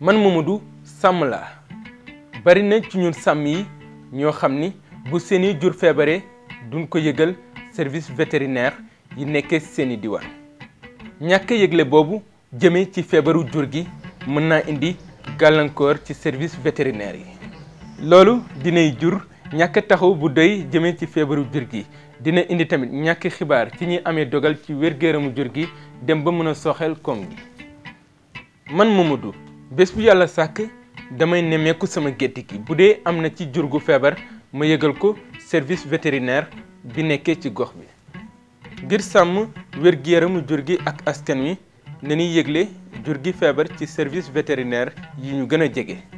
man Mamadou sàmm laa bari na ci ñu sàmm yi ñoo xam ni bu seeni jur feebaree duñ ko yëgal service vétérinaire yi nekkee seeni diwaan ñàkk yëgle boobu jëmee ci feebaru jur gi mën naa indi gàllankoor ci service vétérinaire yi loolu dinay jur ñàkk taxaw bu doy jëmee ci feebaru jur gi dina indi tamit ñàkk xibaar ci ñi amee dogal ci wér gu jur gi dem ba mën a soxal koom gi man bés bu yàlla sàkk damay nemmeeku sama gétt gi bu dee am na ci jur gu feebar ma yëgal ko service vétérinaire bi nekkee ci gox bi ngir sàmm wér-gu-yaramu jur gi ak askan wi nañuy yëgle jur gi feebar ci service vétérinaire yi ñu gën a jege